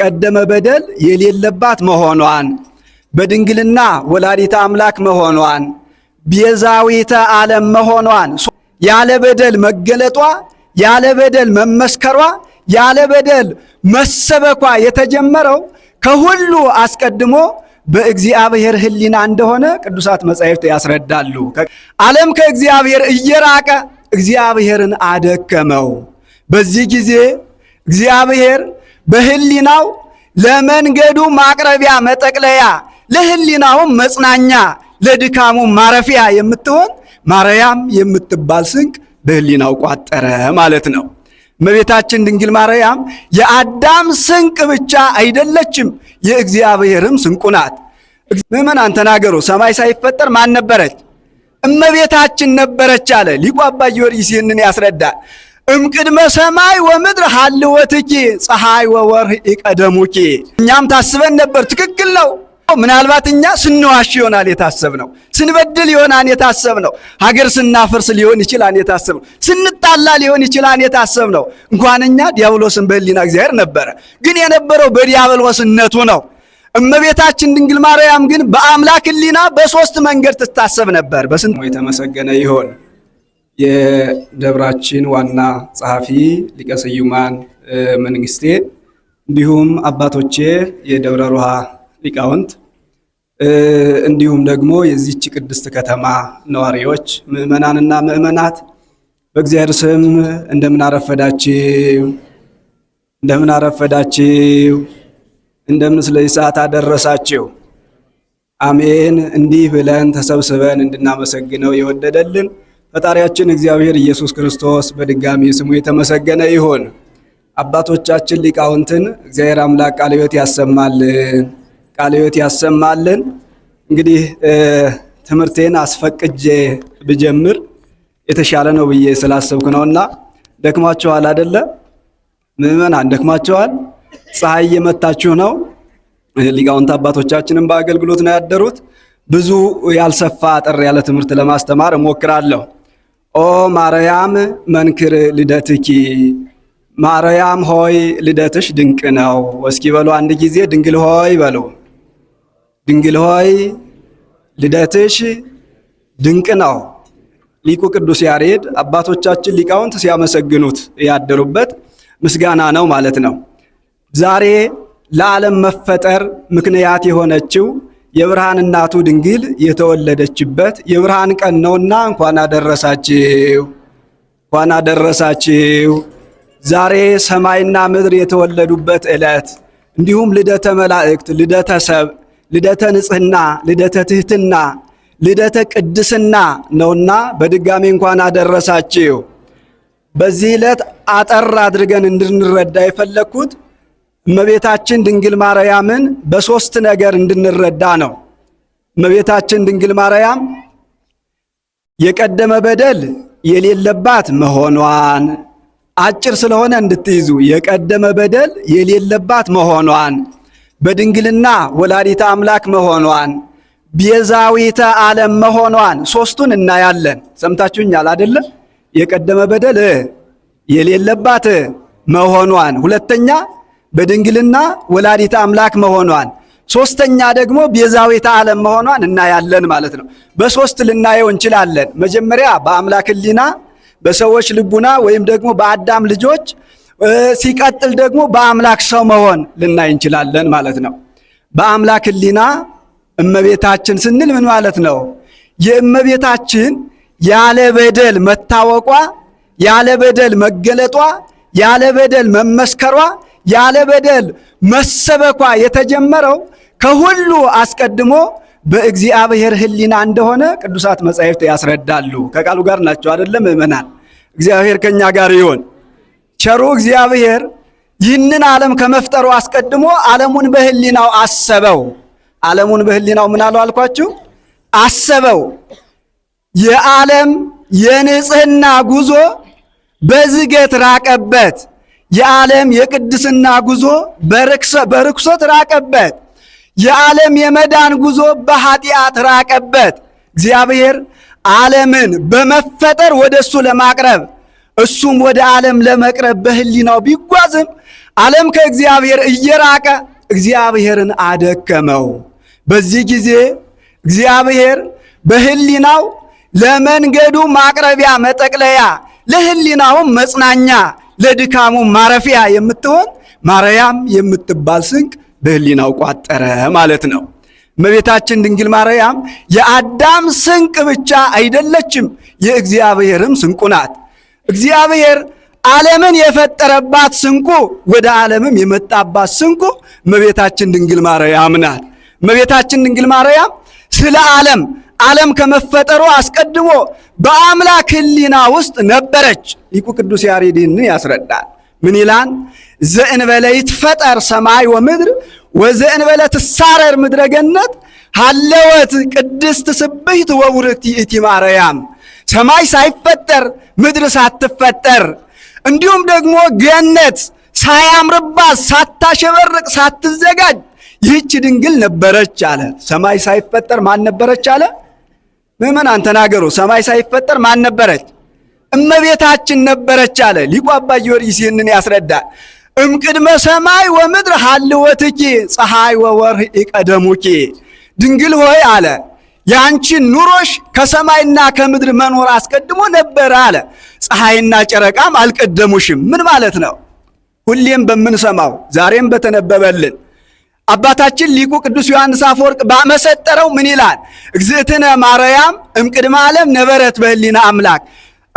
ቀደመ በደል የሌለባት መሆኗን በድንግልና ወላዲተ አምላክ መሆኗን ቤዛዊተ ዓለም መሆኗን ያለ በደል መገለጧ ያለ በደል መመስከሯ ያለ በደል መሰበኳ የተጀመረው ከሁሉ አስቀድሞ በእግዚአብሔር ሕሊና እንደሆነ ቅዱሳት መጻሕፍት ያስረዳሉ። ዓለም ከእግዚአብሔር እየራቀ እግዚአብሔርን አደከመው። በዚህ ጊዜ እግዚአብሔር በህሊናው ለመንገዱ ማቅረቢያ መጠቅለያ፣ ለህሊናውም መጽናኛ፣ ለድካሙ ማረፊያ የምትሆን ማርያም የምትባል ስንቅ በህሊናው ቋጠረ ማለት ነው። እመቤታችን ድንግል ማርያም የአዳም ስንቅ ብቻ አይደለችም፣ የእግዚአብሔርም ስንቁ ናት። ምዕመናን ተናገሩ። ሰማይ ሳይፈጠር ማን ነበረች? እመቤታችን ነበረች አለ ሊቁ አባ ጊዮርጊስ። ይህንን ያስረዳል። እምቅድመ ሰማይ ወምድር ሀልወትኪ ፀሐይ ወወርህ ይቀደሙኪ። እኛም ታስበን ነበር። ትክክል ነው። ምናልባት እኛ ስንዋሽ ይሆናል ነው። ስንበድል ይሆናል ነው። ሀገር ስናፈርስ ሊሆን ይችላል ነው። ስንጣላ ሊሆን ይችላል ነው። እንኳን እኛ ዲያብሎስን በህሊና እግዚአብሔር ነበረ፣ ግን የነበረው በዲያብሎስነቱ ነው። እመቤታችን ድንግል ማርያም ግን በአምላክ ህሊና በሶስት መንገድ ትታሰብ ነበር። በስንት የተመሰገነ ይሆን። የደብራችን ዋና ጸሐፊ ሊቀ ስዩማን መንግስቴ፣ እንዲሁም አባቶቼ የደብረ ሮሃ ሊቃውንት፣ እንዲሁም ደግሞ የዚች ቅድስት ከተማ ነዋሪዎች ምዕመናንና ምዕመናት በእግዚአብሔር ስም እንደምናረፈዳችው እንደምናረፈዳችው እንደምን እንደምን ስለዚህ ሰዓት አደረሳችሁ። አሜን። እንዲህ ብለን ተሰብስበን እንድናመሰግነው የወደደልን ፈጣሪያችን እግዚአብሔር ኢየሱስ ክርስቶስ በድጋሚ ስሙ የተመሰገነ ይሁን። አባቶቻችን ሊቃውንትን እግዚአብሔር አምላክ ቃለ ሕይወት ያሰማልን፣ ቃለ ሕይወት ያሰማልን። እንግዲህ ትምህርቴን አስፈቅጄ ብጀምር የተሻለ ነው ብዬ ስላሰብኩ ነውና፣ ደክማችኋል አደለ? ምዕመናን ደክማችኋል። ፀሐይ እየመታችሁ ነው። ሊቃውንት አባቶቻችንም በአገልግሎት ነው ያደሩት። ብዙ ያልሰፋ አጠር ያለ ትምህርት ለማስተማር እሞክራለሁ። ኦ ማርያም መንክር ልደትኪ ማርያም ሆይ ልደትሽ ድንቅ ነው። እስኪ በሉ አንድ ጊዜ ድንግል ሆይ በሉ። ድንግል ሆይ ልደትሽ ድንቅ ነው። ሊቁ ቅዱስ ያሬድ አባቶቻችን ሊቃውንት ሲያመሰግኑት ያደሩበት ምስጋና ነው ማለት ነው። ዛሬ ለዓለም መፈጠር ምክንያት የሆነችው የብርሃን እናቱ ድንግል የተወለደችበት የብርሃን ቀን ነውና እንኳን አደረሳችሁ፣ እንኳን አደረሳችሁ። ዛሬ ሰማይና ምድር የተወለዱበት ዕለት እንዲሁም ልደተ መላእክት፣ ልደተ ሰብ፣ ልደተ ንጽህና ልደተ ትህትና ልደተ ቅድስና ነውና በድጋሚ እንኳን አደረሳችሁ። በዚህ ዕለት አጠር አድርገን እንድንረዳ የፈለግኩት እመቤታችን ድንግል ማርያምን በሶስት ነገር እንድንረዳ ነው። እመቤታችን ድንግል ማርያም የቀደመ በደል የሌለባት መሆኗን አጭር ስለሆነ እንድትይዙ፣ የቀደመ በደል የሌለባት መሆኗን፣ በድንግልና ወላዲተ አምላክ መሆኗን፣ ቤዛዊተ ዓለም መሆኗን ሶስቱን እናያለን። ሰምታችሁኛል አደለ? የቀደመ በደል የሌለባት መሆኗን ሁለተኛ በድንግልና ወላዲተ አምላክ መሆኗን ሶስተኛ ደግሞ ቤዛዊተ ዓለም መሆኗን እናያለን ማለት ነው። በሶስት ልናየው እንችላለን። መጀመሪያ በአምላክ ሕሊና በሰዎች ልቡና ወይም ደግሞ በአዳም ልጆች፣ ሲቀጥል ደግሞ በአምላክ ሰው መሆን ልናይ እንችላለን ማለት ነው። በአምላክ ሕሊና እመቤታችን ስንል ምን ማለት ነው? የእመቤታችን ያለ በደል መታወቋ፣ ያለ በደል መገለጧ፣ ያለ በደል መመስከሯ ያለ በደል መሰበኳ የተጀመረው ከሁሉ አስቀድሞ በእግዚአብሔር ሕሊና እንደሆነ ቅዱሳት መጻሕፍት ያስረዳሉ። ከቃሉ ጋር ናቸው አይደለም? ምእመናን እግዚአብሔር ከኛ ጋር ይሆን። ቸሩ እግዚአብሔር ይህንን ዓለም ከመፍጠሩ አስቀድሞ ዓለሙን በሕሊናው አሰበው። ዓለሙን በሕሊናው ምን አለው አልኳችሁ? አሰበው። የዓለም የንጽህና ጉዞ በዝገት ራቀበት። የዓለም የቅድስና ጉዞ በርኩሰት ራቀበት። የዓለም የመዳን ጉዞ በኃጢአት ራቀበት። እግዚአብሔር ዓለምን በመፈጠር ወደ እሱ ለማቅረብ እሱም ወደ ዓለም ለመቅረብ በህሊናው ቢጓዝም ዓለም ከእግዚአብሔር እየራቀ እግዚአብሔርን አደከመው። በዚህ ጊዜ እግዚአብሔር በህሊናው ለመንገዱ ማቅረቢያ መጠቅለያ፣ ለህሊናውም መጽናኛ ለድካሙ ማረፊያ የምትሆን ማርያም የምትባል ስንቅ በህሊናው ቋጠረ ማለት ነው። እመቤታችን ድንግል ማርያም የአዳም ስንቅ ብቻ አይደለችም፣ የእግዚአብሔርም ስንቁ ናት። እግዚአብሔር ዓለምን የፈጠረባት ስንቁ፣ ወደ ዓለምም የመጣባት ስንቁ እመቤታችን ድንግል ማርያም ናት። እመቤታችን ድንግል ማርያም ስለ ዓለም ዓለም ከመፈጠሩ አስቀድሞ በአምላክ ሕሊና ውስጥ ነበረች። ሊቁ ቅዱስ ያሬድን ያስረዳል። ምን ይላል? ዘእንበለ ይትፈጠር ሰማይ ወምድር ወዘእንበለ ትሳረር ምድረ ገነት ሀለወት ቅድስት ስብሕት ይእቲ ማርያም። ሰማይ ሳይፈጠር ምድር ሳትፈጠር እንዲሁም ደግሞ ገነት ሳያምርባት ሳታሸበርቅ ሳትዘጋጅ ይህች ድንግል ነበረች አለ። ሰማይ ሳይፈጠር ማን ነበረች አለ? ምዕመናን ተናገሩ። ሰማይ ሳይፈጠር ማን ነበረች? እመቤታችን ነበረች አለ። ሊቁ አባ ጊዮርጊስ ይህንን ያስረዳል። እምቅድመ ሰማይ ወምድር ሀልወትኪ ፀሐይ ወወርህ ይቀደሙኪ። ድንግል ሆይ አለ ያንቺን ኑሮሽ ከሰማይና ከምድር መኖር አስቀድሞ ነበረ አለ። ፀሐይና ጨረቃም አልቀደሙሽም። ምን ማለት ነው? ሁሌም በምንሰማው ዛሬም በተነበበልን አባታችን ሊቁ ቅዱስ ዮሐንስ አፈወርቅ ባመሰጠረው ምን ይላል? እግዝእትነ ማርያም እምቅድመ ዓለም ነበረት በህሊና አምላክ።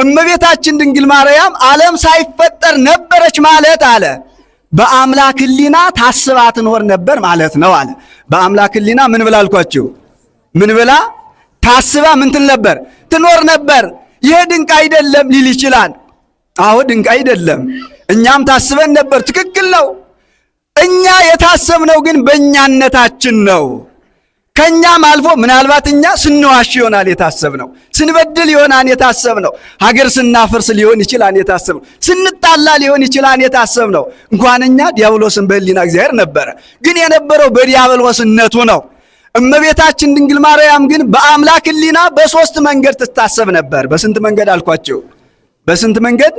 እመቤታችን ድንግል ማርያም ዓለም ሳይፈጠር ነበረች ማለት አለ በአምላክ ህሊና ታስባ ትኖር ነበር ማለት ነው አለ። በአምላክ ህሊና ምን ብላ አልኳችሁ? ምን ብላ ታስባ ምንትን ነበር ትኖር ነበር። ይሄ ድንቅ አይደለም ሊል ይችላል። አዎ ድንቅ አይደለም። እኛም ታስበን ነበር። ትክክል ነው። እኛ የታሰብነው ግን በእኛነታችን ነው። ከእኛም አልፎ ምናልባት እኛ ስንዋሽ ይሆናል የታሰብነው፣ ስንበድል ይሆናል የታሰብነው፣ ሀገር ስናፈርስ ሊሆን ይችላል የታሰብነው፣ ስንጣላ ሊሆን ይችላል የታሰብነው። እንኳን እኛ ዲያብሎስን በህሊና እግዚአብሔር ነበረ፣ ግን የነበረው በዲያብሎስነቱ ነው። እመቤታችን ድንግል ማርያም ግን በአምላክ ህሊና በሶስት መንገድ ትታሰብ ነበር። በስንት መንገድ አልኳቸው? በስንት መንገድ?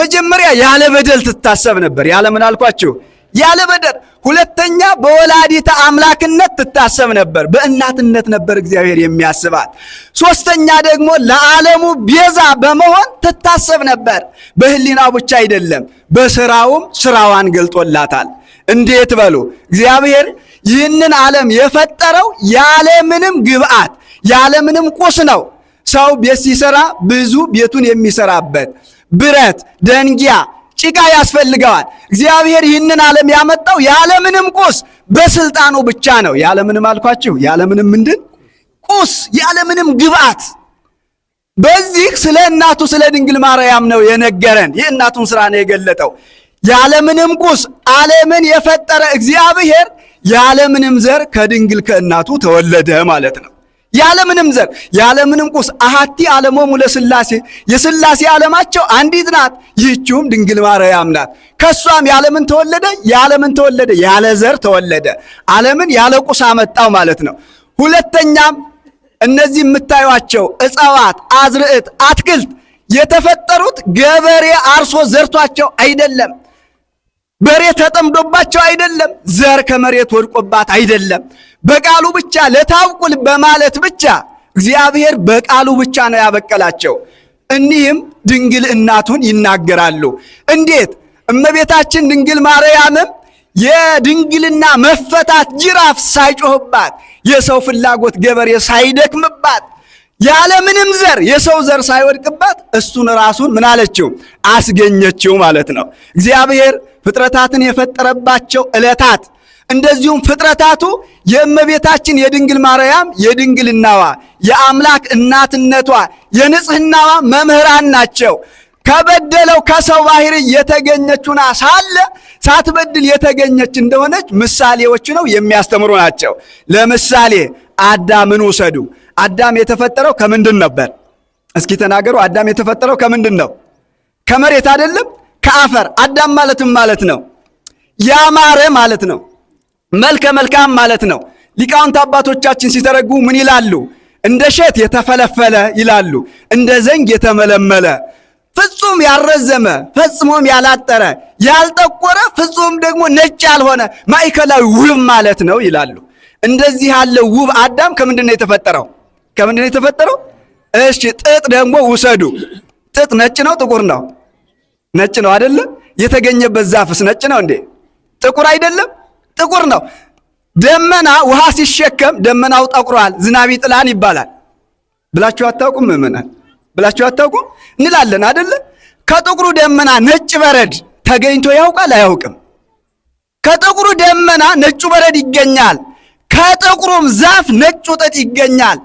መጀመሪያ ያለ በደል ትታሰብ ነበር። ያለ ምን አልኳቸው? ያለ በደር። ሁለተኛ በወላዲተ አምላክነት ትታሰብ ነበር፣ በእናትነት ነበር እግዚአብሔር የሚያስባት። ሶስተኛ ደግሞ ለዓለሙ ቤዛ በመሆን ትታሰብ ነበር። በህሊና ብቻ አይደለም፣ በስራውም ስራዋን ገልጦላታል። እንዴት በሉ እግዚአብሔር ይህንን ዓለም የፈጠረው ያለምንም ግብአት ያለምንም ቁስ ነው። ሰው ቤት ሲሰራ ብዙ ቤቱን የሚሰራበት ብረት፣ ደንጊያ ጭቃ ያስፈልገዋል። እግዚአብሔር ይህንን ዓለም ያመጣው ያለምንም ቁስ በስልጣኑ ብቻ ነው። ያለምንም አልኳችሁ፣ ያለምንም ምንድን ቁስ፣ ያለምንም ግብአት። በዚህ ስለ እናቱ ስለ ድንግል ማርያም ነው የነገረን። የእናቱን ስራ ነው የገለጠው። ያለምንም ቁስ ዓለምን የፈጠረ እግዚአብሔር ያለምንም ዘር ከድንግል ከእናቱ ተወለደ ማለት ነው። ያለምንም ዘር ያለምንም ቁስ አሃቲ ዓለሞሙ ለሥላሴ የሥላሴ ዓለማቸው አንዲት ናት፣ ይህችውም ድንግል ማርያም ናት። ከሷም ያለምን ተወለደ ያለምን ተወለደ ያለ ዘር ተወለደ። ዓለምን ያለ ቁስ አመጣው ማለት ነው። ሁለተኛም እነዚህ የምታዩቸው እጽዋት፣ አዝርዕት፣ አትክልት የተፈጠሩት ገበሬ አርሶ ዘርቷቸው አይደለም። በሬ ተጠምዶባቸው አይደለም፣ ዘር ከመሬት ወድቆባት አይደለም። በቃሉ ብቻ ለታብቁል በማለት ብቻ እግዚአብሔር በቃሉ ብቻ ነው ያበቀላቸው። እኒህም ድንግል እናቱን ይናገራሉ። እንዴት? እመቤታችን ድንግል ማርያምም የድንግልና መፈታት ጅራፍ ሳይጮህባት የሰው ፍላጎት ገበሬ ሳይደክምባት ያለምንም ዘር የሰው ዘር ሳይወድቅባት እሱን ራሱን ምን አለችው? አስገኘችው ማለት ነው እግዚአብሔር ፍጥረታትን የፈጠረባቸው ዕለታት እንደዚሁም ፍጥረታቱ የእመቤታችን የድንግል ማርያም የድንግልናዋ የአምላክ እናትነቷ የንጽህናዋ መምህራን ናቸው። ከበደለው ከሰው ባህሪ የተገኘችና ሳለ ሳትበድል የተገኘች እንደሆነች ምሳሌዎች ነው የሚያስተምሩ ናቸው። ለምሳሌ አዳምን ውሰዱ። አዳም የተፈጠረው ከምንድን ነበር? እስኪ ተናገሩ። አዳም የተፈጠረው ከምንድን ነው? ከመሬት አይደለም? ከአፈር አዳም ማለትም ማለት ነው ያማረ ማለት ነው መልከ መልካም ማለት ነው። ሊቃውንት አባቶቻችን ሲተረጉ ምን ይላሉ? እንደ ሸት የተፈለፈለ ይላሉ። እንደ ዘንግ የተመለመለ ፍጹም ያረዘመ ፈጽሞም ያላጠረ ያልጠቆረ ፍጹም ደግሞ ነጭ ያልሆነ ማዕከላዊ ውብ ማለት ነው ይላሉ። እንደዚህ ያለ ውብ አዳም ከምንድን ነው የተፈጠረው? ከምንድን ነው የተፈጠረው? እሺ ጥጥ ደግሞ ውሰዱ። ጥጥ ነጭ ነው ጥቁር ነው? ነጭ ነው አይደለም የተገኘበት ዛፍስ ነጭ ነው እንዴ? ጥቁር አይደለም? ጥቁር ነው። ደመና ውሃ ሲሸከም ደመናው ጠቁሯል፣ ዝናብ ይጥላል ይባላል። ብላችሁ አታውቁም? ምእመናን ብላችሁ አታውቁም እንላለን አይደለ? ከጥቁሩ ደመና ነጭ በረድ ተገኝቶ ያውቃል? አያውቅም? ከጥቁሩ ደመና ነጩ በረድ ይገኛል። ከጥቁሩም ዛፍ ነጭ ጥጥ ይገኛል።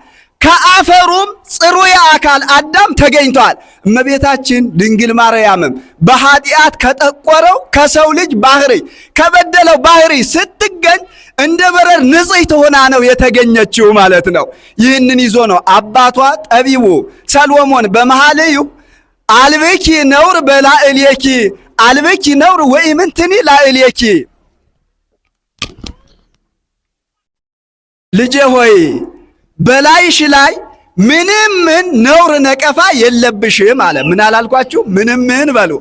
ከአፈሩም ጽሩየ አካል አዳም ተገኝቷል። እመቤታችን ድንግል ማርያምም በኃጢአት ከጠቆረው ከሰው ልጅ ባህሪ ከበደለው ባህሪ ስትገኝ እንደ በረር ንጽሕት ሆና ነው የተገኘችው ማለት ነው። ይህንን ይዞ ነው አባቷ ጠቢቡ ሰሎሞን በመሐልዩ አልብኪ ነውር በላዕሌኪ አልብኪ ነውር ወኢምንትኒ ላዕሌኪ ልጄ ሆይ በላይሽ ላይ ምንም ምን ነውር ነቀፋ የለብሽም አለ። ምን አላልኳችሁ? ምንም ምን በሉ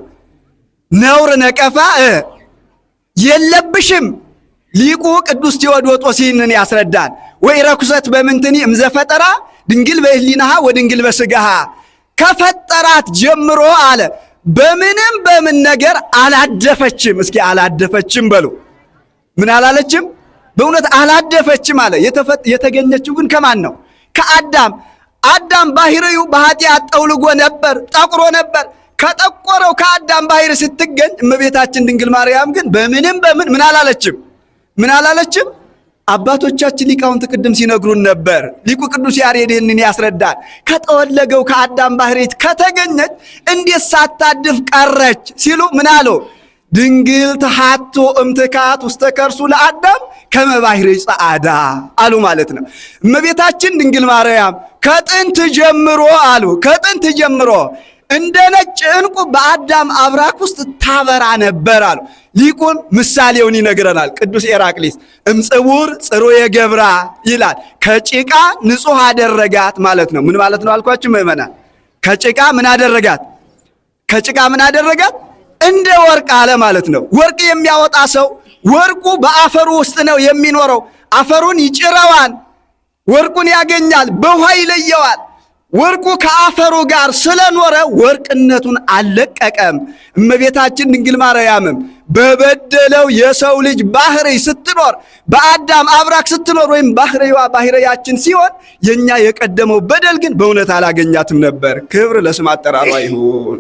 ነውር ነቀፋ የለብሽም። ሊቁ ቅዱስ ቴዎዶጦስ ይህንን ያስረዳል። ወይ ረኩሰት በምንትኒ እምዘፈጠራ ድንግል በህሊናሃ ወድንግል በስጋሃ ከፈጠራት ጀምሮ አለ በምንም በምን ነገር አላደፈችም። እስኪ አላደፈችም በሉ ምን አላለችም በእውነት አላደፈችም አለ። የተገኘችው ግን ከማን ነው? ከአዳም። አዳም ባህሪው በኃጢአት ጠውልጎ ነበር፣ ጠቁሮ ነበር። ከጠቆረው ከአዳም ባህሪ ስትገኝ እመቤታችን ድንግል ማርያም ግን በምንም በምን ምን አላለችም፣ ምን አላለችም። አባቶቻችን ሊቃውንት ቅድም ሲነግሩን ነበር። ሊቁ ቅዱስ ያሬድ ይህንን ያስረዳል። ከጠወለገው ከአዳም ባህሪ ከተገኘች እንዴት ሳታድፍ ቀረች ሲሉ ምን አለው? ድንግል ተሃቶ እምትካት ውስተ ከርሱ ለአዳም ከመ ባሕረ አሉ ማለት ነው። እመቤታችን ድንግል ማርያም ከጥንት ጀምሮ አሉ ከጥንት ጀምሮ እንደ ነጭ እንቁ በአዳም አብራክ ውስጥ ታበራ ነበር አሉ። ሊቁን ምሳሌውን ይነግረናል። ቅዱስ ኤራቅሊስ እምጽውር ጽሩ የገብራ ይላል። ከጭቃ ንጹሕ አደረጋት ማለት ነው። ምን ማለት ነው አልኳችሁ ምእመናን? ከጭቃ ምን አደረጋት? ከጭቃ ምን አደረጋት? እንደ ወርቅ አለ ማለት ነው። ወርቅ የሚያወጣ ሰው ወርቁ በአፈሩ ውስጥ ነው የሚኖረው። አፈሩን ይጭረዋል፣ ወርቁን ያገኛል። በውሃ ይለየዋል። ወርቁ ከአፈሩ ጋር ስለኖረ ወርቅነቱን አልለቀቀም። እመቤታችን ድንግል ማርያምም በበደለው የሰው ልጅ ባህሪ ስትኖር በአዳም አብራክ ስትኖር ወይም ባህሪዋ ባህሪያችን ሲሆን የእኛ የቀደመው በደል ግን በእውነት አላገኛትም ነበር። ክብር ለስም አጠራሯ ይሁን።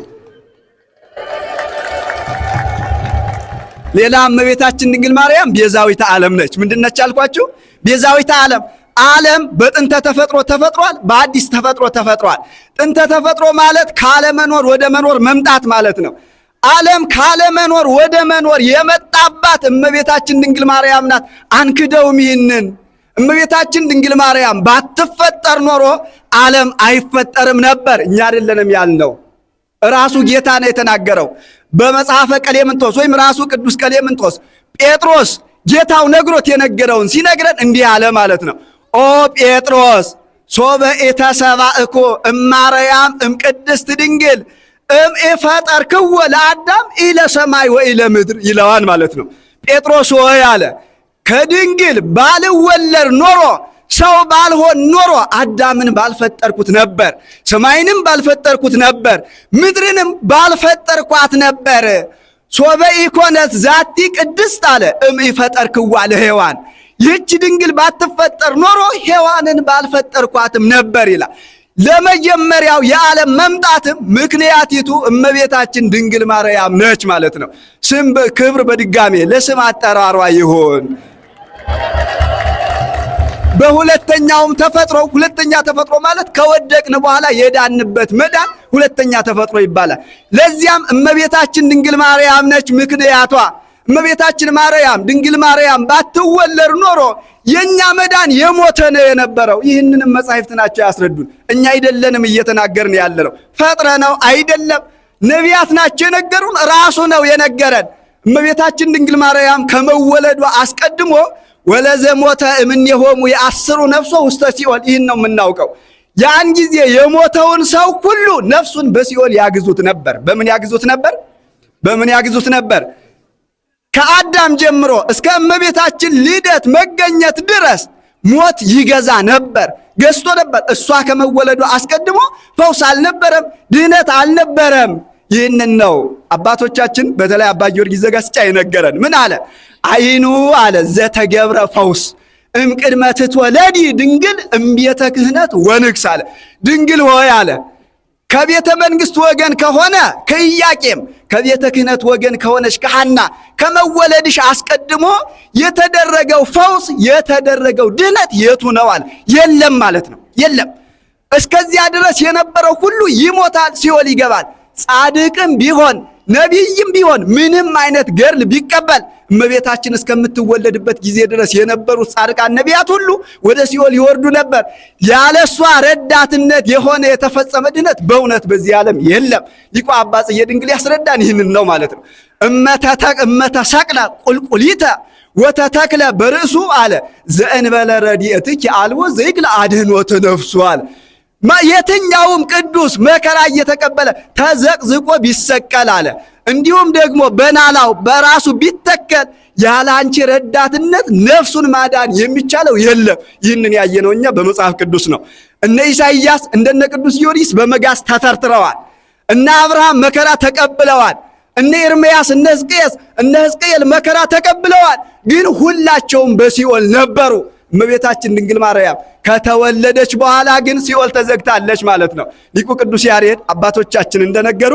ሌላ እመቤታችን ድንግል ማርያም ቤዛዊተ ዓለም ነች። ምንድነች አልኳችሁ? ቤዛዊተ ዓለም። ዓለም በጥንተ ተፈጥሮ ተፈጥሯል፣ በአዲስ ተፈጥሮ ተፈጥሯል። ጥንተ ተፈጥሮ ማለት ካለመኖር ወደ መኖር መምጣት ማለት ነው። ዓለም ካለመኖር ወደ መኖር የመጣባት እመቤታችን ድንግል ማርያም ናት። አንክደውም ይህንን። እመቤታችን ድንግል ማርያም ባትፈጠር ኖሮ ዓለም አይፈጠርም ነበር። እኛ አይደለንም ያልነው ራሱ ጌታ ነው የተናገረው በመጽሐፈ ቀሌምንጦስ ወይም ራሱ ቅዱስ ቀሌምንጦስ ጴጥሮስ ጌታው ነግሮት የነገረውን ሲነግረን እንዲህ አለ ማለት ነው። ኦ ጴጥሮስ ሶበ እኮ እማርያም እምቅድስት ድንግል እም ኢፈጠር ኢፈጠርክዎ ለአዳም ኢለሰማይ ወኢለ ምድር ይለዋል ማለት ነው። ጴጥሮስ ሆይ አለ ከድንግል ባልወለድ ኖሮ ሰው ባልሆን ኖሮ አዳምን ባልፈጠርኩት ነበር፣ ሰማይንም ባልፈጠርኩት ነበር፣ ምድርንም ባልፈጠርኳት ነበር። ሶበ ኢኮነት ዛቲ ቅድስት አለ እም ይፈጠርክዋ ለሔዋን ይህች ድንግል ባትፈጠር ኖሮ ሔዋንን ባልፈጠርኳትም ነበር ይላል። ለመጀመሪያው የዓለም መምጣትም ምክንያቲቱ እመቤታችን ድንግል ማርያም ነች ማለት ነው። ስም ክብር በድጋሜ ለስም አጠራሯ ይሁን። በሁለተኛውም ተፈጥሮ ሁለተኛ ተፈጥሮ ማለት ከወደቅን በኋላ የዳንበት መዳን ሁለተኛ ተፈጥሮ ይባላል። ለዚያም እመቤታችን ድንግል ማርያም ነች ምክንያቷ። እመቤታችን ማርያም ድንግል ማርያም ባትወለድ ኖሮ የእኛ መዳን የሞተ ነው የነበረው። ይህንንም መጻሕፍት ናቸው ያስረዱን። እኛ አይደለንም እየተናገርን ያለነው ፈጥረ ነው አይደለም። ነቢያት ናቸው የነገሩን፣ ራሱ ነው የነገረን። እመቤታችን ድንግል ማርያም ከመወለዷ አስቀድሞ እምን የሆሙ የአስሩ ነፍሶ ውስተ ሲኦል። ይህን ነው የምናውቀው። ያን ጊዜ የሞተውን ሰው ሁሉ ነፍሱን በሲኦል ያግዙት ነበር። በምን ያግዙት ነበር? በምን ያግዙት ነበር? ከአዳም ጀምሮ እስከ እመቤታችን ልደት መገኘት ድረስ ሞት ይገዛ ነበር፣ ገዝቶ ነበር። እሷ ከመወለዱ አስቀድሞ ፈውስ አልነበረም፣ ድህነት አልነበረም። ይህንን ነው አባቶቻችን በተለይ አባ ጊዮርጊስ ዘጋስጫ የነገረን። ምን አለ? አይኑ አለ ዘተገብረ ፈውስ እምቅድመ ትትወለዲ ድንግል እምቤተ ክህነት ወንግስ አለ። ድንግል ሆይ አለ ከቤተ መንግስት ወገን ከሆነ ከኢያቄም ከቤተ ክህነት ወገን ከሆነች ከሐና ከመወለድሽ አስቀድሞ የተደረገው ፈውስ የተደረገው ድነት የቱ ነው አለ። የለም ማለት ነው። የለም እስከዚያ ድረስ የነበረው ሁሉ ይሞታል፣ ሲኦል ይገባል። ጻድቅም ቢሆን ነቢይም ቢሆን ምንም አይነት ገርል ቢቀበል እመቤታችን እስከምትወለድበት ጊዜ ድረስ የነበሩት ጻድቃን ነቢያት ሁሉ ወደ ሲኦል ይወርዱ ነበር። ያለሷ ረዳትነት የሆነ የተፈጸመ ድነት በእውነት በዚህ ዓለም የለም። ሊቋ አባ ጽዬ ድንግል ያስረዳን ይህንን ነው ማለት ነው። እመተሰቅለ ቁልቁሊተ ወተተክለ በርእሱ አለ ዘእንበለ ረድኤትኪ አልቦ ዘይግለ አድኅኖተ ነፍሱ አለ የትኛውም ቅዱስ መከራ እየተቀበለ ተዘቅዝቆ ቢሰቀል አለ። እንዲሁም ደግሞ በናላው በራሱ ቢተከል ያለ አንቺ ረዳትነት ነፍሱን ማዳን የሚቻለው የለም። ይህንን ያየነው እኛ በመጽሐፍ ቅዱስ ነው። እነ ኢሳይያስ እንደነ ቅዱስ ጊዮርጊስ በመጋዝ ተተርትረዋል። እነ አብርሃም መከራ ተቀብለዋል። እነ ኤርምያስ እነ ሕዝቅኤስ እነ ሕዝቅኤል መከራ ተቀብለዋል። ግን ሁላቸውም በሲኦል ነበሩ። እመቤታችን ድንግል ማርያም ከተወለደች በኋላ ግን ሲኦል ተዘግታለች ማለት ነው። ሊቁ ቅዱስ ያሬድ አባቶቻችን እንደነገሩ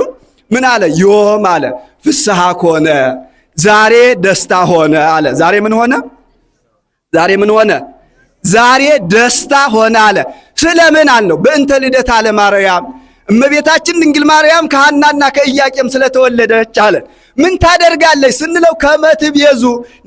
ምን አለ? ዮም አለ ፍስሐ ኮነ ዛሬ ደስታ ሆነ አለ። ዛሬ ምን ሆነ? ዛሬ ምን ሆነ? ዛሬ ደስታ ሆነ አለ። ስለምን አለው? በእንተ አለ ማርያም እመቤታችን ድንግል ማርያም ከሐናና ከኢያቄም ስለተወለደች አለ ምን ታደርጋለች ስንለው ከመትቤዙ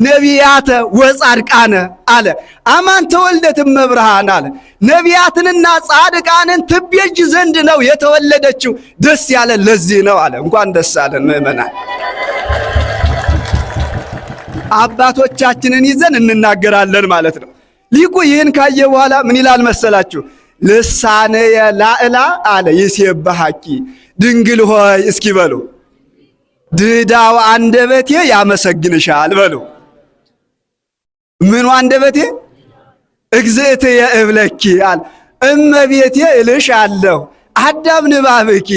ነቢያተ ወጻድቃነ አለ አማን ተወልደት እመብርሃን አለ። ነቢያትንና ጻድቃንን ትቤጅ ዘንድ ነው የተወለደችው። ደስ ያለ ለዚህ ነው አለ። እንኳን ደስ አለ ምእመናን። አባቶቻችንን ይዘን እንናገራለን ማለት ነው። ሊቁ ይህን ካየ በኋላ ምን ይላል መሰላችሁ? ልሳነ የላእላ አለ ይሴብሐኪ ድንግል ሆይ እስኪ በሉ ድዳው አንደበቴ ያመሰግንሻል በሉ። ምኑ አንደበቴ እግዝእትየ የእብለኪ አለ እመቤቴ እልሽ አለሁ አዳም ንባብኪ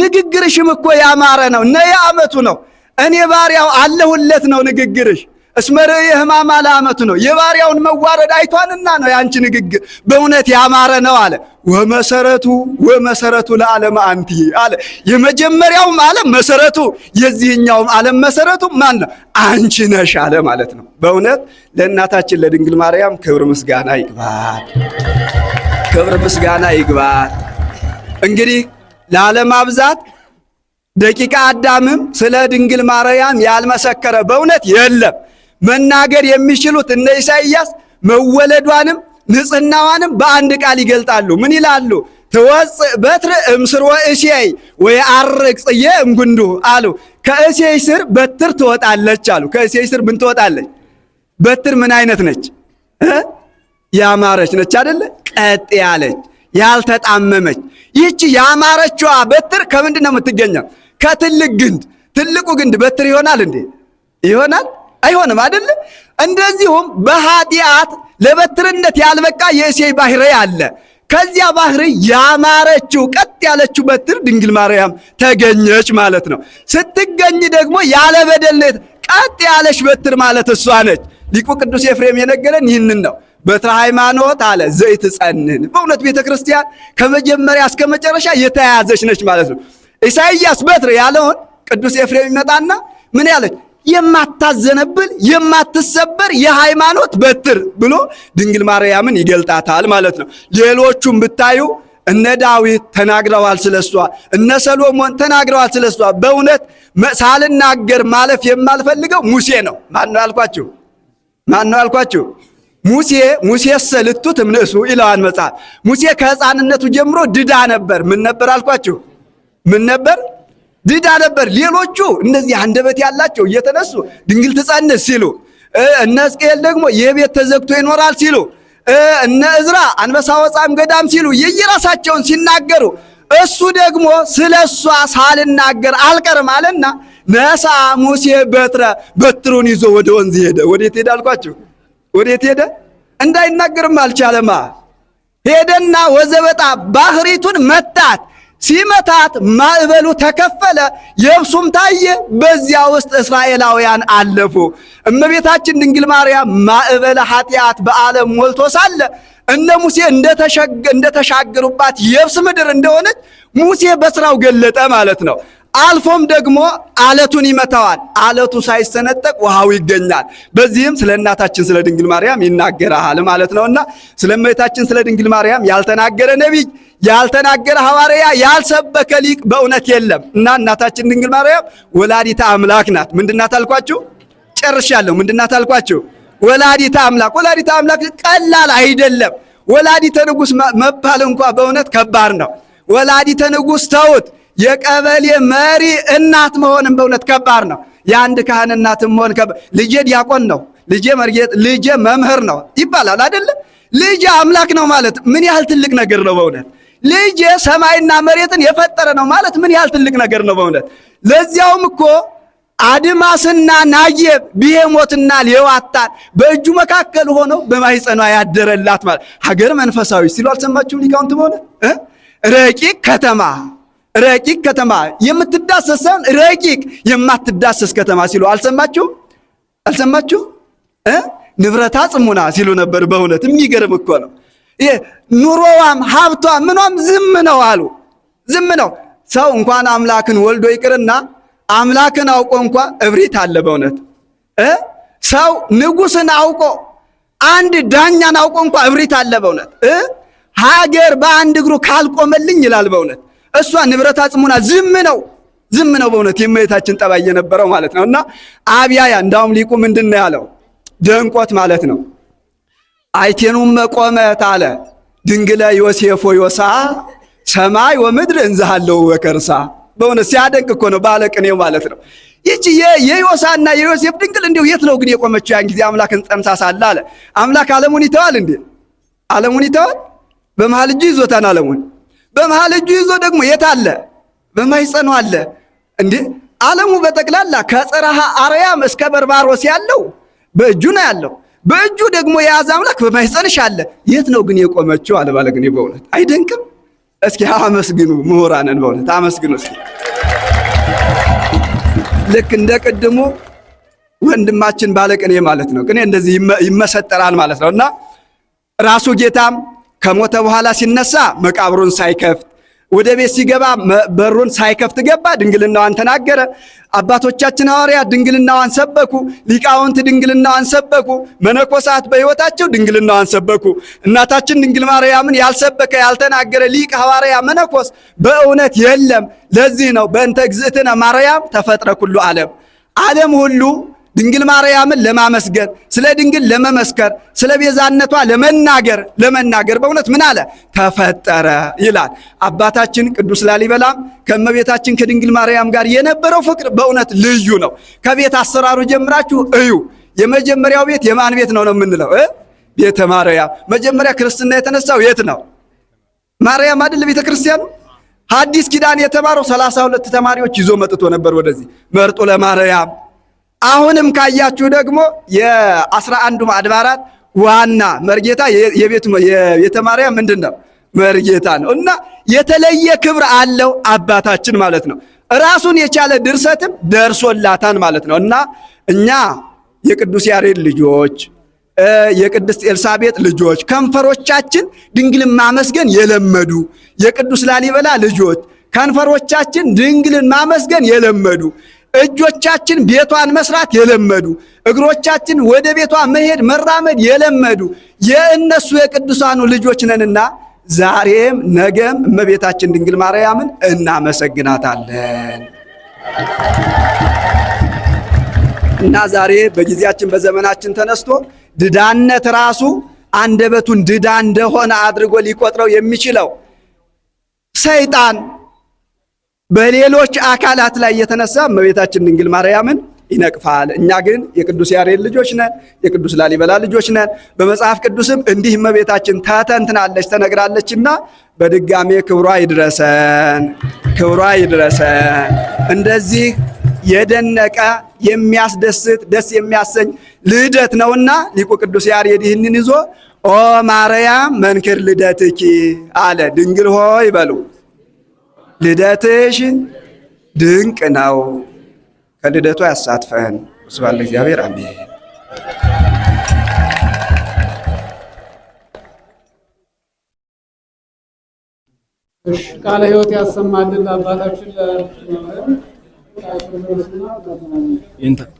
ንግግርሽም እኮ ያማረ ነው። ነየ ዓመቱ ነው። እኔ ባሪያው አለሁለት ነው ንግግርሽ እስመረ የህማማ ለአመቱ ነው የባሪያውን መዋረድ አይቷንና ነው ያንቺ ንግግር በእውነት ያማረ ነው አለ። ወመሰረቱ ወመሰረቱ ለዓለም አንቲ አለ። የመጀመሪያውም ዓለም መሰረቱ የዚህኛውም ዓለም መሰረቱ ማን ነው? አንቺ ነሽ አለ ማለት ነው። በእውነት ለእናታችን ለድንግል ማርያም ክብር ምስጋና ይግባት፣ ክብር ምስጋና ይግባት። እንግዲህ ለዓለም አብዛት ደቂቃ አዳምም ስለ ድንግል ማርያም ያልመሰከረ በእውነት የለም። መናገር የሚችሉት እነ ኢሳይያስ መወለዷንም ንጽህናዋንም በአንድ ቃል ይገልጣሉ። ምን ይላሉ? ትወፅእ በትር እምስር ወእሴይ አርቅ ጽዬ እምጉንዱ አሉ። ከእሴይ ስር በትር ትወጣለች አሉ። ከእሴይ ስር ምን ትወጣለች? በትር ምን አይነት ነች? ያማረች ነች አደለ? ቀጥ ያለች ያልተጣመመች። ይቺ ያማረችዋ በትር ከምንድን ነው የምትገኘው? ከትልቅ ግንድ። ትልቁ ግንድ በትር ይሆናል እንዴ? ይሆናል አይሆንም አይደል? እንደዚሁም በኃጢአት ለበትርነት ያልበቃ የእሴይ ባህሪ አለ። ከዚያ ባህሪ ያማረችው ቀጥ ያለችው በትር ድንግል ማርያም ተገኘች ማለት ነው። ስትገኝ ደግሞ ያለ በደልነት ቀጥ ያለች በትር ማለት እሷ ነች። ሊቁ ቅዱስ ኤፍሬም የነገረን ይህንን ነው። በትረ ሃይማኖት አለ ዘይት ጸንን። በእውነት ቤተ ክርስቲያን ከመጀመሪያ እስከ መጨረሻ የተያያዘች ነች ማለት ነው። ኢሳይያስ በትር ያለውን ቅዱስ ኤፍሬም ይመጣና ምን ያለች የማታዘነብል የማትሰበር የሃይማኖት በትር ብሎ ድንግል ማርያምን ይገልጣታል ማለት ነው። ሌሎቹም ብታዩ እነ ዳዊት ተናግረዋል ስለሷ፣ እነ ሰሎሞን ተናግረዋል ስለሷ። በእውነት ሳልናገር ማለፍ የማልፈልገው ሙሴ ነው። ማን ነው አልኳችሁ? ማን ነው አልኳችሁ? ሙሴ ሙሴ ልቱት እምንእሱ ይለዋል መጽሐፍ። ሙሴ ከህፃንነቱ ጀምሮ ድዳ ነበር። ምን ነበር አልኳችሁ? ምን ነበር ድዳ ነበር። ሌሎቹ እነዚህ አንደበት ያላቸው እየተነሱ ድንግል ትጸንስ ሲሉ፣ እነ ሕዝቅኤል ደግሞ ይህ ቤት ተዘግቶ ይኖራል ሲሉ፣ እነ እዝራ አንበሳ ወፃም ገዳም ሲሉ የየራሳቸውን ሲናገሩ እሱ ደግሞ ስለ እሷ ሳልናገር አልቀርም አለና ነሳ ሙሴ በትረ በትሩን ይዞ ወደ ወንዝ ሄደ። ወዴት ሄደ አልኳችሁ? ወዴት ሄደ? እንዳይናገርም አልቻለማ። ሄደና ወዘበጣ ባህሪቱን መታት። ሲመታት ማዕበሉ ተከፈለ፣ የብሱም ታየ። በዚያ ውስጥ እስራኤላውያን አለፉ። እመቤታችን ድንግል ማርያም ማዕበለ ኃጢአት በዓለም ሞልቶ ሳለ እነ ሙሴ እንደተሻገሩባት የብስ ምድር እንደሆነች ሙሴ በስራው ገለጠ ማለት ነው። አልፎም ደግሞ አለቱን ይመታዋል። አለቱ ሳይሰነጠቅ ውሃው ይገኛል። በዚህም ስለ እናታችን ስለ ድንግል ማርያም ይናገራል ማለት ነውና ስለ እመቤታችን ስለ ድንግል ማርያም ያልተናገረ ነቢይ፣ ያልተናገረ ሐዋርያ፣ ያልሰበከ ሊቅ በእውነት የለም እና እናታችን ድንግል ማርያም ወላዲታ አምላክ ናት። ምንድናት አልኳችሁ? ጨርሻለሁ። ምንድናት አልኳችሁ? ወላዲታ አምላክ። ወላዲታ አምላክ ቀላል አይደለም። ወላዲተ ንጉሥ መባል እንኳ በእውነት ከባድ ነው። ወላዲተ ንጉሥ ተውት። የቀበሌ መሪ እናት መሆንም በእውነት ከባድ ነው። የአንድ ካህን እናት መሆን ልጄ ዲያቆን ነው፣ ልጄ መርጌጥ፣ ልጄ መምህር ነው ይባላል አይደለም። ልጄ አምላክ ነው ማለት ምን ያህል ትልቅ ነገር ነው በእውነት። ልጄ ሰማይና መሬትን የፈጠረ ነው ማለት ምን ያህል ትልቅ ነገር ነው በእውነት። ለዚያውም እኮ አድማስና ናየ ቢሄሞትና ሌዋታን በእጁ መካከል ሆነው በማኅፀኗ ያደረላት ማለት ሀገር መንፈሳዊ ሲሉ አልሰማችሁም ሊቃውንት በእውነት ረቂቅ ከተማ ረቂቅ ከተማ የምትዳሰስ ሳይሆን ረቂቅ የማትዳሰስ ከተማ ሲሉ አልሰማችሁ አልሰማችሁም? ንብረታ ጽሙና ሲሉ ነበር። በእውነት የሚገርም እኮ ነው። ኑሮዋም ሀብቷ ምኗም ዝም ነው አሉ። ዝም ነው። ሰው እንኳን አምላክን ወልዶ ይቅርና አምላክን አውቆ እንኳ እብሪት አለ። በእውነት ሰው ንጉስን አውቆ አንድ ዳኛን አውቆ እንኳ እብሪት አለ። በእውነት ሀገር በአንድ እግሩ ካልቆመልኝ ይላል። በእውነት እሷ ንብረት አጽሙና ዝም ነው ዝም ነው። በእውነት የእመቤታችን ጠባይ የነበረው ማለት ነው። እና አብያያ እንዳውም ሊቁ ምንድን ነው ያለው? ደንቆት ማለት ነው። አይቴኑም መቆመት አለ ድንግለ ዮሴፎ ዮሳ ሰማይ ወምድር እንዝሃለው ወከርሳ። በእውነት ሲያደንቅ እኮ ነው ባለቅኔው ማለት ነው። ይቺ የዮሳና የዮሴፍ ድንግል እንዲሁ የት ነው ግን የቆመችው? ያን ጊዜ አምላክን ጠምሳሳለ አለ። አምላክ ዓለሙን ይተዋል እንዴ? ዓለሙን ይተዋል። በመሃል እጁ ይዞታን ዓለሙን በመሃል እጁ ይዞ ደግሞ የት አለ? በማይጸኑ አለ። እንዴ ዓለሙ በጠቅላላ ከጽርሐ አርያም እስከ በርባሮስ ያለው በእጁ ነው ያለው። በእጁ ደግሞ የያዘ አምላክ በማይጸንሽ አለ። የት ነው ግን የቆመችው? ባለ ግን በእውነት አይደንቅም? እስኪ አመስግኑ ምሁራንን፣ በእውነት አመስግኑ እስኪ። ልክ እንደ ቅድሙ ወንድማችን ባለቅኔ ማለት ነው። ቅኔ እንደዚህ ይመሰጠራል ማለት ነው እና ራሱ ጌታም ከሞተ በኋላ ሲነሳ መቃብሩን ሳይከፍት ወደ ቤት ሲገባ በሩን ሳይከፍት ገባ። ድንግልናዋን ተናገረ። አባቶቻችን ሐዋርያ ድንግልናዋን ሰበኩ። ሊቃውንት ድንግልናዋን ሰበኩ። መነኮሳት በሕይወታቸው ድንግልናዋን ሰበኩ። እናታችን ድንግል ማርያምን ያልሰበከ ያልተናገረ ሊቅ፣ ሐዋርያ፣ መነኮስ በእውነት የለም። ለዚህ ነው በእንተ እግዝእትነ ማርያም ተፈጥረ ኩሉ ዓለም ዓለም ሁሉ ድንግል ማርያምን ለማመስገን ስለ ድንግል ለመመስከር ስለ ቤዛነቷ ለመናገር ለመናገር በእውነት ምን አለ ተፈጠረ ይላል አባታችን ቅዱስ ላሊበላም ከእመቤታችን ከድንግል ማርያም ጋር የነበረው ፍቅር በእውነት ልዩ ነው። ከቤት አሰራሩ ጀምራችሁ እዩ። የመጀመሪያው ቤት የማን ቤት ነው ነው የምንለው ቤተ ማርያም። መጀመሪያ ክርስትና የተነሳው የት ነው? ማርያም አይደል ቤተ ክርስቲያኑ ሐዲስ ኪዳን የተማረው ሰላሳ ሁለት ተማሪዎች ይዞ መጥቶ ነበር ወደዚህ መርጦ ለማርያም አሁንም ካያችሁ ደግሞ የአስራ አንዱም አድባራት ዋና መርጌታ የቤቱ የቤተ ማርያም ምንድን ነው? መርጌታ ነው። እና የተለየ ክብር አለው አባታችን ማለት ነው። ራሱን የቻለ ድርሰትም ደርሶላታን ማለት ነው። እና እኛ የቅዱስ ያሬድ ልጆች የቅድስት ኤልሳቤጥ ልጆች ከንፈሮቻችን ድንግልን ማመስገን የለመዱ የቅዱስ ላሊበላ ልጆች ከንፈሮቻችን ድንግልን ማመስገን የለመዱ እጆቻችን ቤቷን መስራት የለመዱ እግሮቻችን ወደ ቤቷ መሄድ መራመድ የለመዱ የእነሱ የቅዱሳኑ ልጆች ነንና ዛሬም ነገም እመቤታችን ድንግል ማርያምን እናመሰግናታለን እና ዛሬ በጊዜያችን በዘመናችን ተነስቶ ድዳነት ራሱ አንደበቱን ድዳ እንደሆነ አድርጎ ሊቆጥረው የሚችለው ሰይጣን በሌሎች አካላት ላይ የተነሳ እመቤታችን ድንግል ማርያምን ይነቅፋል። እኛ ግን የቅዱስ ያሬድ ልጆች ነን፣ የቅዱስ ላሊበላ ልጆች ነን። በመጽሐፍ ቅዱስም እንዲህ እመቤታችን ተተንትናለች፣ ተነግራለችና በድጋሜ ክብሯ ይድረሰን፣ ክብሯ ይድረሰን። እንደዚህ የደነቀ የሚያስደስት ደስ የሚያሰኝ ልደት ነውና ሊቁ ቅዱስ ያሬድ ይህንን ይዞ ኦ ማርያም መንክር ልደትኪ አለ። ድንግል ሆይ በሉ ልደትሽን ድንቅ ነው። ከልደቱ ያሳትፈን። ስባለ እግዚአብሔር አሜን። ቃለ ሕይወት ያሰማልን አባታችን